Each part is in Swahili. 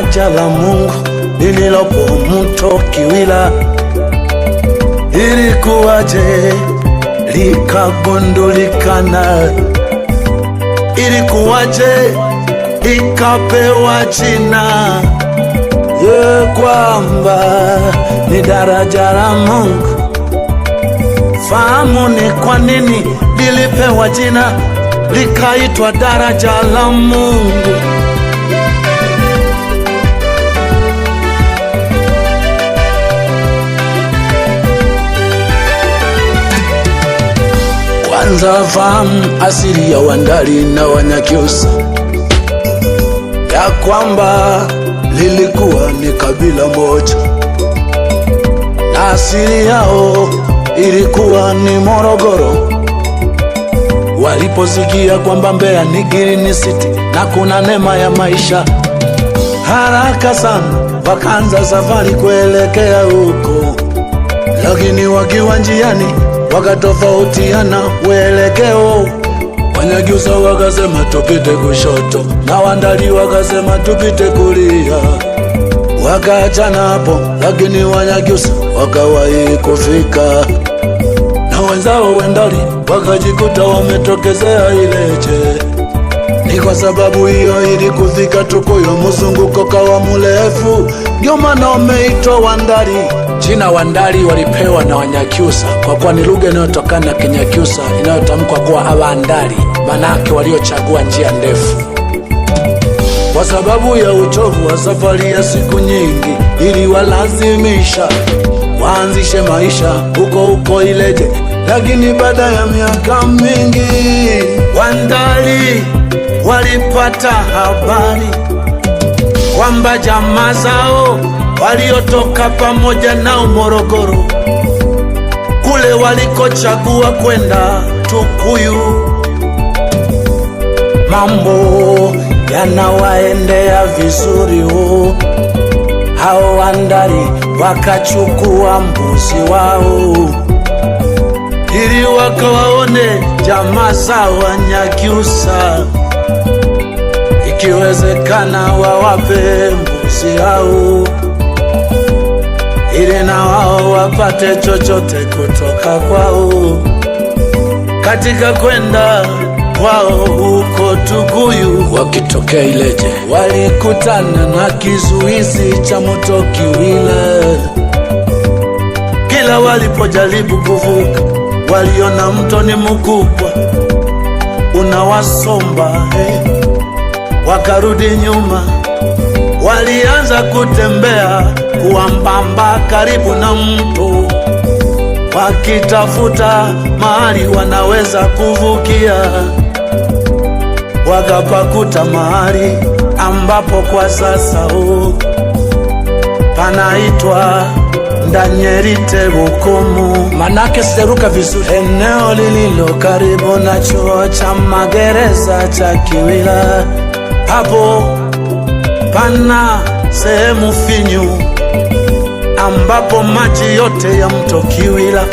daraja la Mungu lililopo mto Kiwila, ilikuwaje likagundulikana? Ilikuwaje ikapewa jina ye kwamba ni daraja la Mungu? Fahamu ni kwa nini lilipewa jina likaitwa daraja la Mungu. kwanza wafahamu asili ya Wandali na Wanyakyusa ya kwamba lilikuwa ni kabila moja na asili yao ilikuwa ni Morogoro. Waliposikia kwamba Mbeya ni green city na kuna neema ya maisha, haraka sana wakaanza safari kuelekea huko, lakini wakiwa njiani wakatofautiana uelekeo. Wanyagyusa wakasema tupite kushoto, na Wandali wakasema tupite kulia, wakaachana hapo, lakini Wanyagyusa wakawahi kufika na wenzao Wendali wakajikuta wametokezea ileche Ni kwa sababu hiyo ili kufika tukuyo muzunguko kawa mulefu ndio maana umeitwa Wandali. Jina Wandali walipewa na Wanyakyusa kwa kuwa ni lugha inayotokana na Kinyakyusa inayotamkwa kuwa awandali manake waliochagua njia ndefu. Kwa sababu ya uchovu wa safari ya siku nyingi, iliwalazimisha waanzishe maisha huko huko Ileje, lakini baada ya miaka mingi Wandali walipata habari kwamba jamaa zao waliotoka pamoja nao Morogoro, kule walikochagua kwenda Tukuyu. Mambo yanawaendea vizuri, hu hao wandari wakachukua mbuzi wao ili wakawaone jamaa za Wanyakyusa, ikiwezekana wawape mbuzi hao ili na wao wapate chochote kutoka kwao katika kwenda kwao huko Tukuyu. Wakitokea Ileje walikutana na kizuizi cha moto Kiwila. Kila walipojaribu kuvuka, waliona mto ni mkubwa unawasomba Hey, eh. Wakarudi nyuma, walianza kutembea huambamba karibu na mto, wakitafuta mahali wanaweza kuvukia, wakapakuta mahali ambapo kwa sasa u panaitwa Ndanyerite Bukumu, manake seruka vizuri, eneo lililo karibu na chuo cha magereza cha Kiwila. Hapo pana sehemu finyu ambapo maji yote ya mto Kiwila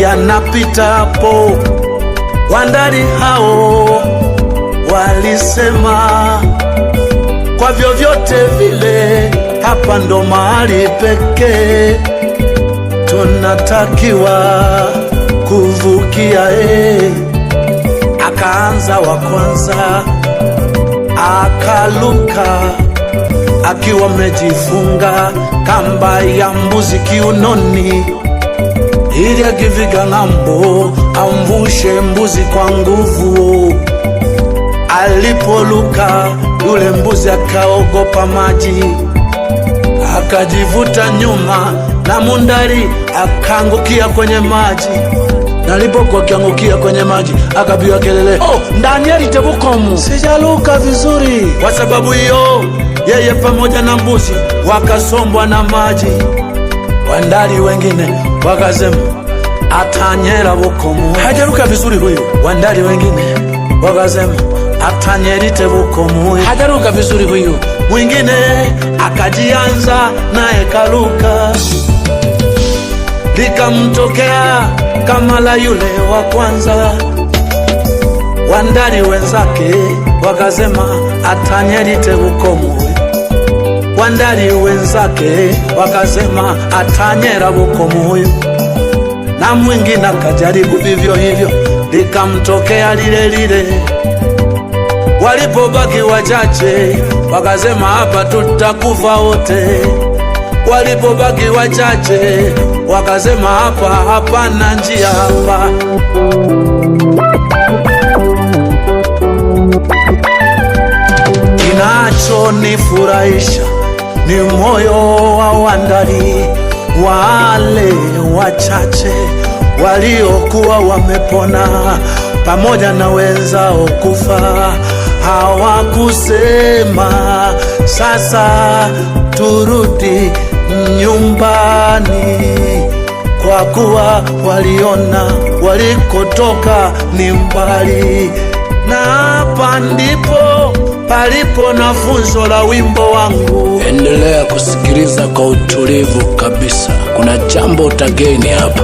yanapita hapo. wandali hao walisema kwa vyovyote vile, hapa ndo mahali pekee tunatakiwa kuvukia eh. Akaanza wa kwanza akaluka akiwa amejifunga kamba ya mbuzi kiunoni, ili akifika ng'ambo amvushe mbuzi kwa nguvu. Alipoluka yule mbuzi akaogopa maji, akajivuta nyuma, na mundari akaangukia kwenye maji. Nalipokuwa akiangukia kwenye maji akapiga kelele, oh, Danieli tebukomu, sijaluka vizuri. Kwa sababu hiyo yeye pamoja na mbuzi wakasombwa na maji. Wandali wengine wakasema atanyera bukomu, hajaruka vizuri huyu. Wandali wengine wakasema atanyerite bukomu, hajaruka vizuri huyu. Mwingine akajianza naye kaluka likamtokea kama la yule wa kwanza. Wandali wenzake wakasema atanyelite bukomu wandali wenzake wakasema, atanyera buko muyu na mwingine akajaribu vivyo hivyo, likamtokea lile lile. Walipobaki wachache wakasema, hapa tutakufa wote. Walipobaki wachache wakasema, hapa hapana njia hapa Kinachonifurahisha ni moyo wa wandani, wale wachache waliokuwa wamepona pamoja na wenzao kufa hawakusema. Sasa turudi nyumbani, kwa kuwa waliona walikotoka ni mbali, na hapa ndipo palipo na funzo la wimbo wangu. Endelea kusikiliza kwa utulivu kabisa, kuna jambo utageni hapa.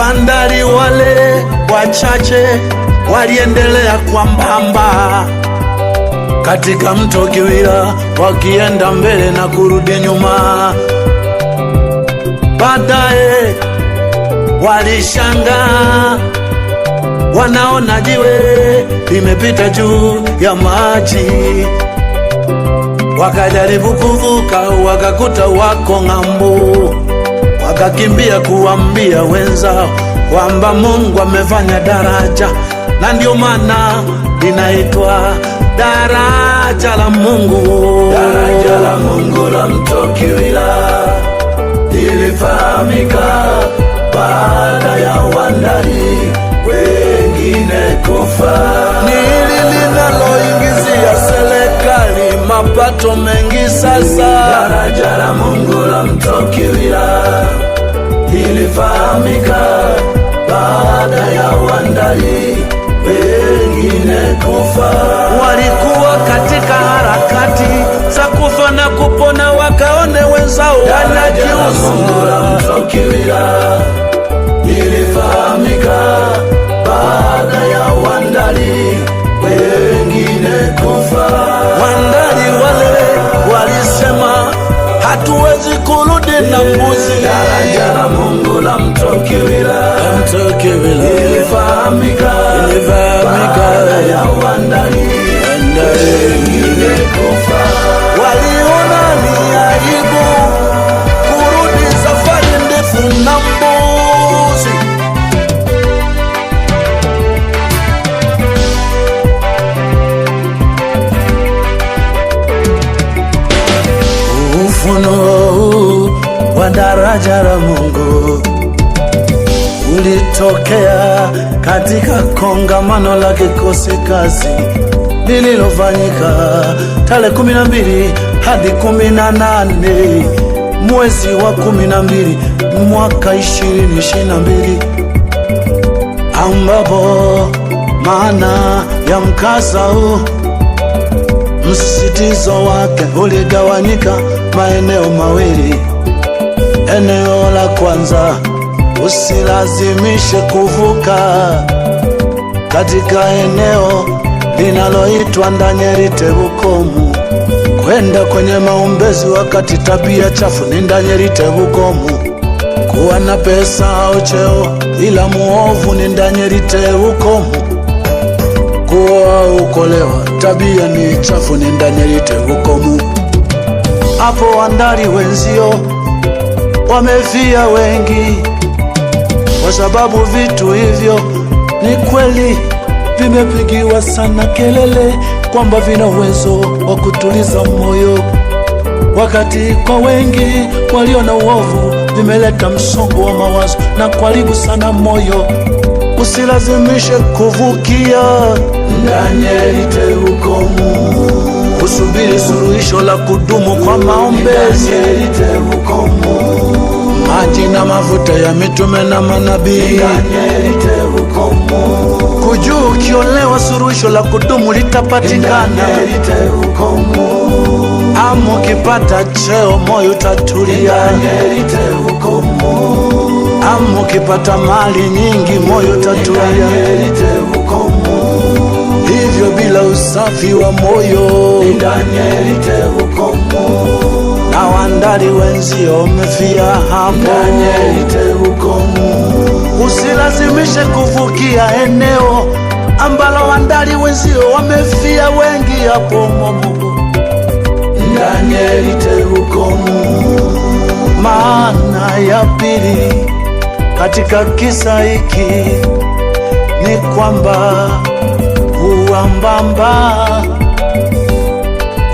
Wandari wale wachache waliendelea kwa mbamba katika mto Kiwira, wakienda mbele na kurudi nyuma. Baadaye walishangaa wanaona jiwe limepita juu ya maji, wakajaribu kuvuka, wakakuta wako ng'ambo, wakakimbia kuambia wenzao kwamba Mungu amefanya daraja, na ndio maana linaitwa daraja la Mungu, daraja la Mungu la Mto Kiwila. mapato mengi sasa. Daraja la Mungu la Mto Kibira baada ya wandali wengine kufa. Walikuwa katika harakati za kufa na kupona, wakaone wenzao wanajiusu. la Mungu la katika kongamano la kikosi kazi lililofanyika tarehe 12 hadi 18 mwezi wa 12 mwaka 2022 ambapo maana ya mkasa huu msisitizo wake uligawanyika maeneo mawili. Eneo la kwanza usilazimishe kuvuka katika eneo linaloitwa Ndanyeri Tebukomu kwenda kwenye maombezi wakati tabia chafu ni Ndanyeri Tebukomu. Kuwa na pesa au cheo, ila muovu ni Ndanyeri Tebukomu. Kuoa ukolewa, tabia ni chafu ni Ndanyeri Tebukomu. Hapo wandari wenzio wamefia wengi kwa sababu vitu hivyo ni kweli vimepigiwa sana kelele kwamba vina uwezo wa kutuliza moyo, wakati kwa wengi walio na uovu vimeleta msongo wa mawazo na kuharibu sana moyo. Usilazimishe kuvukia ndani ya literuko usubiri suluhisho la kudumu kwa maombezi na mafuta ya mitume na manabii. Kujua ukiolewa suruhisho la kudumu litapatikana. Ama ukipata cheo moyo utatulia. Ama ukipata mali nyingi moyo utatulia. Hivyo bila usafi wa moyo na wandali wenzio umefia hapo, usilazimishe kuvukia eneo ambalo wandali wenzio wamefia wengi hapo ukomu. maana ya pili katika kisa hiki ni kwamba uambamba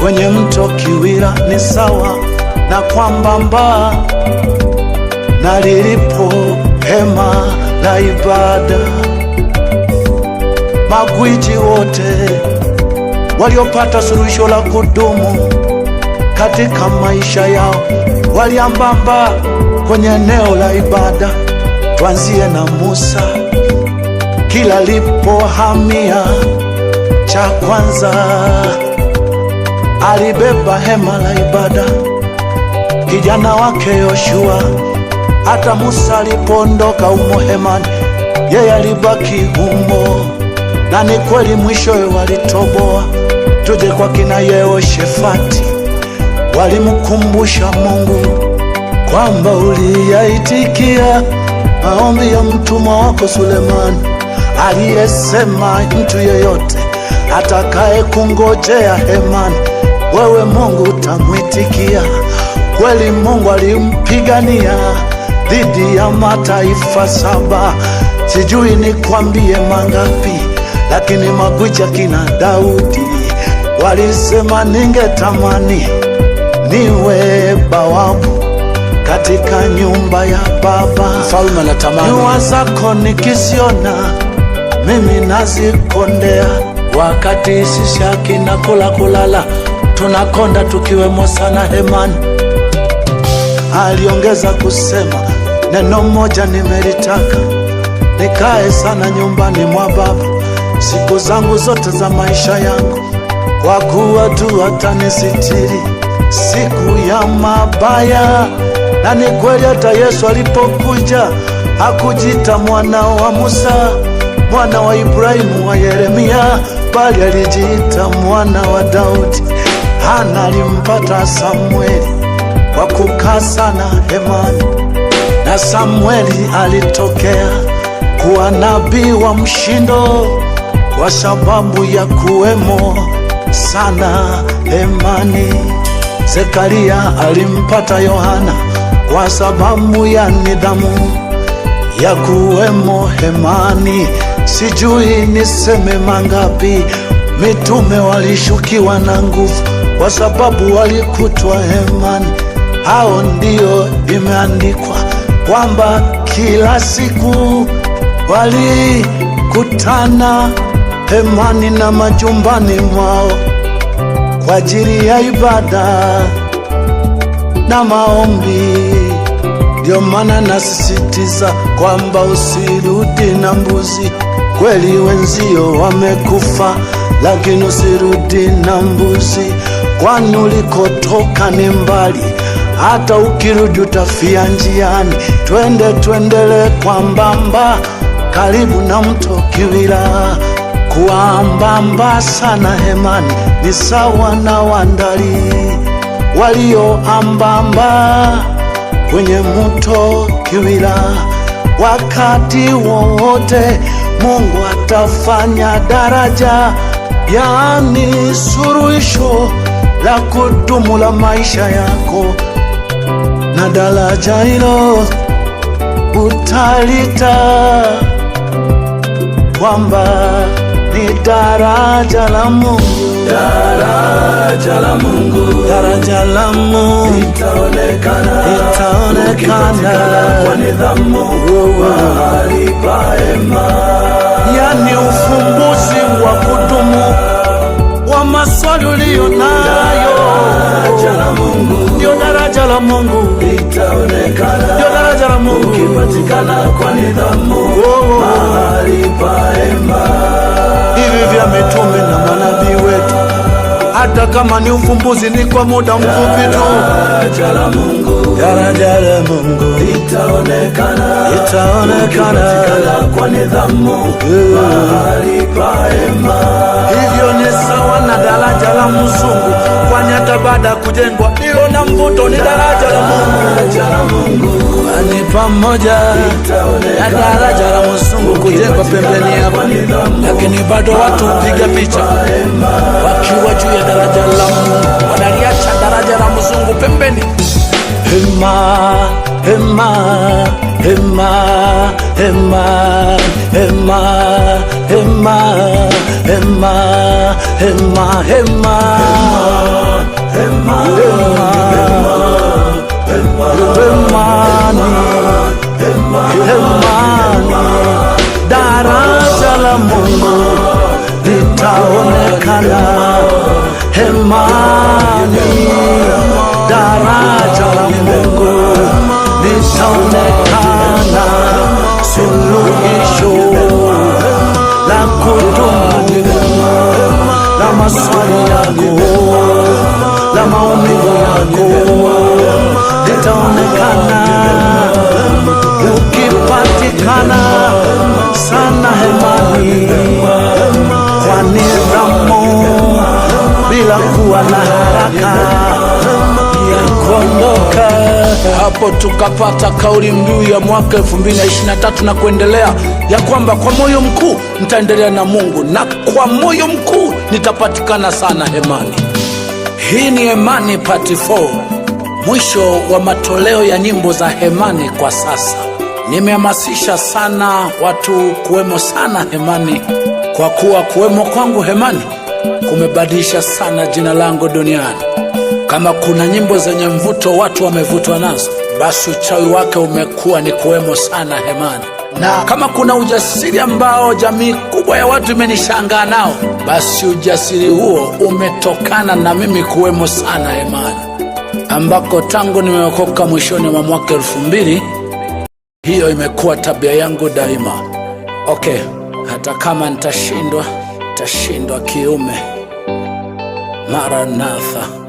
kwenye mto Kiwira ni sawa na kwambamba na lilipo hema la ibada, magwiji wote waliopata suluhisho la kudumu katika maisha yao waliambamba kwenye eneo la ibada. Tuanzie na Musa, kila lipohamia cha kwanza alibeba hema la ibada kijana wake Yoshua. Hata Musa alipoondoka humo Hemani, yeye alibaki humo, na ni kweli mwishowe walitoboa. Tuje kwa kina Yehoshafati, walimkumbusha Mungu kwamba uliyaitikia maombi ya mtumwa wako Sulemani, aliyesema mtu yeyote atakaye kungojea hemani, wewe Mungu utamwitikia. Kweli Mungu alimpigania dhidi ya mataifa saba, sijui nikwambie mangapi, lakini magwicha kina Daudi walisema, ningetamani niwe bawabu katika nyumba ya baba. Mfalme anatamani nyua zako, nikisiona mimi nazikondea, wakati sisi akina kula kulala, tunakonda tukiwemo sana hemani Aliongeza kusema, neno moja nimelitaka, nikae sana nyumbani mwa Baba siku zangu zote za maisha yangu, kwa kuwa tu atanisitiri siku ya mabaya. Na ni kweli hata Yesu alipokuja hakujita mwana wa Musa, mwana wa Ibrahimu, wa Yeremia, bali alijiita mwana wa Daudi. Hana alimpata Samueli kwa kukasa na hemani, na Samueli alitokea kuwa nabii wa mshindo kwa sababu ya kuwemo sana hemani. Zekaria alimpata Yohana kwa sababu ya nidhamu ya kuwemo hemani. Sijui niseme mangapi, mitume walishukiwa na nguvu kwa sababu walikutwa hemani hao ndio imeandikwa kwamba kila siku walikutana hemani na majumbani mwao kwa ajili ya ibada na maombi. Ndio maana nasisitiza kwamba usirudi na mbuzi. Kweli wenzio wamekufa, lakini usirudi na mbuzi, kwani ulikotoka ni mbali hata ukirudi utafia njiani. Twende twendele kwa mbamba, karibu na mto Kiwira, kuwa mbamba sana hemani ni sawa na wandali walioambamba kwenye mto Kiwira. Wakati wowote Mungu atafanya daraja, yani suruhisho la kudumu la maisha yako na daraja hilo utalita kwamba ni daraja la Mungu, daraja la Mungu, daraja la Mungu, itaonekana, itaonekana kwa nidhamu walipa hema, yani ufumbuzi wa kudumu maswali uliyonayo ndio daraja la Mungu, ndio daraja la Mungu ukipatikana kwa nidhamu hata kama ni ufumbuzi ni kwa muda mfupi tu. Daraja la Mungu, la Mungu itaonekana, itaonekana kwa nidhamu mahali pa hema. Hivyo ni sawa na daraja la mzungu, kwani hata baada ya kujengwa hilo na mvuto ni daraja la Mungu, daraja la Mungu ni pamoja na daraja kujengwa pembeni hapa, lakini bado watu piga picha wakiwa juu ya daraja la Mungu, wanaliacha daraja la mzungu pembeni. Hema, hema, hema, hema, hema, hema, hema, hema, hema daraja la Mungu litaonekana hemani, daraja la Mungu litaonekana, suluhisho la kudumu la maswali yako la maumivu yako litaonekana kupatikana sana hemani, kwa nidhamu bila kuwa na haraka ya kuondoka. Hapo tukapata kauli mbiu ya mwaka 2023 na kuendelea ya kwamba kwa moyo mkuu nitaendelea na Mungu na kwa moyo mkuu nitapatikana sana hemani. Hii ni Hemani Part 4, mwisho wa matoleo ya nyimbo za Hemani kwa sasa nimehamasisha sana watu kuwemo sana hemani, kwa kuwa kuwemo kwangu hemani kumebadilisha sana jina langu duniani. Kama kuna nyimbo zenye mvuto watu wamevutwa nazo, basi uchawi wake umekuwa ni kuwemo sana hemani. Na kama kuna ujasiri ambao jamii kubwa ya watu imenishangaa nao, basi ujasiri huo umetokana na mimi kuwemo sana hemani, ambako tangu nimeokoka mwishoni mwa mwaka elfu mbili hiyo imekuwa tabia yangu daima. Okay, hata kama nitashindwa, nitashindwa kiume. Maranatha.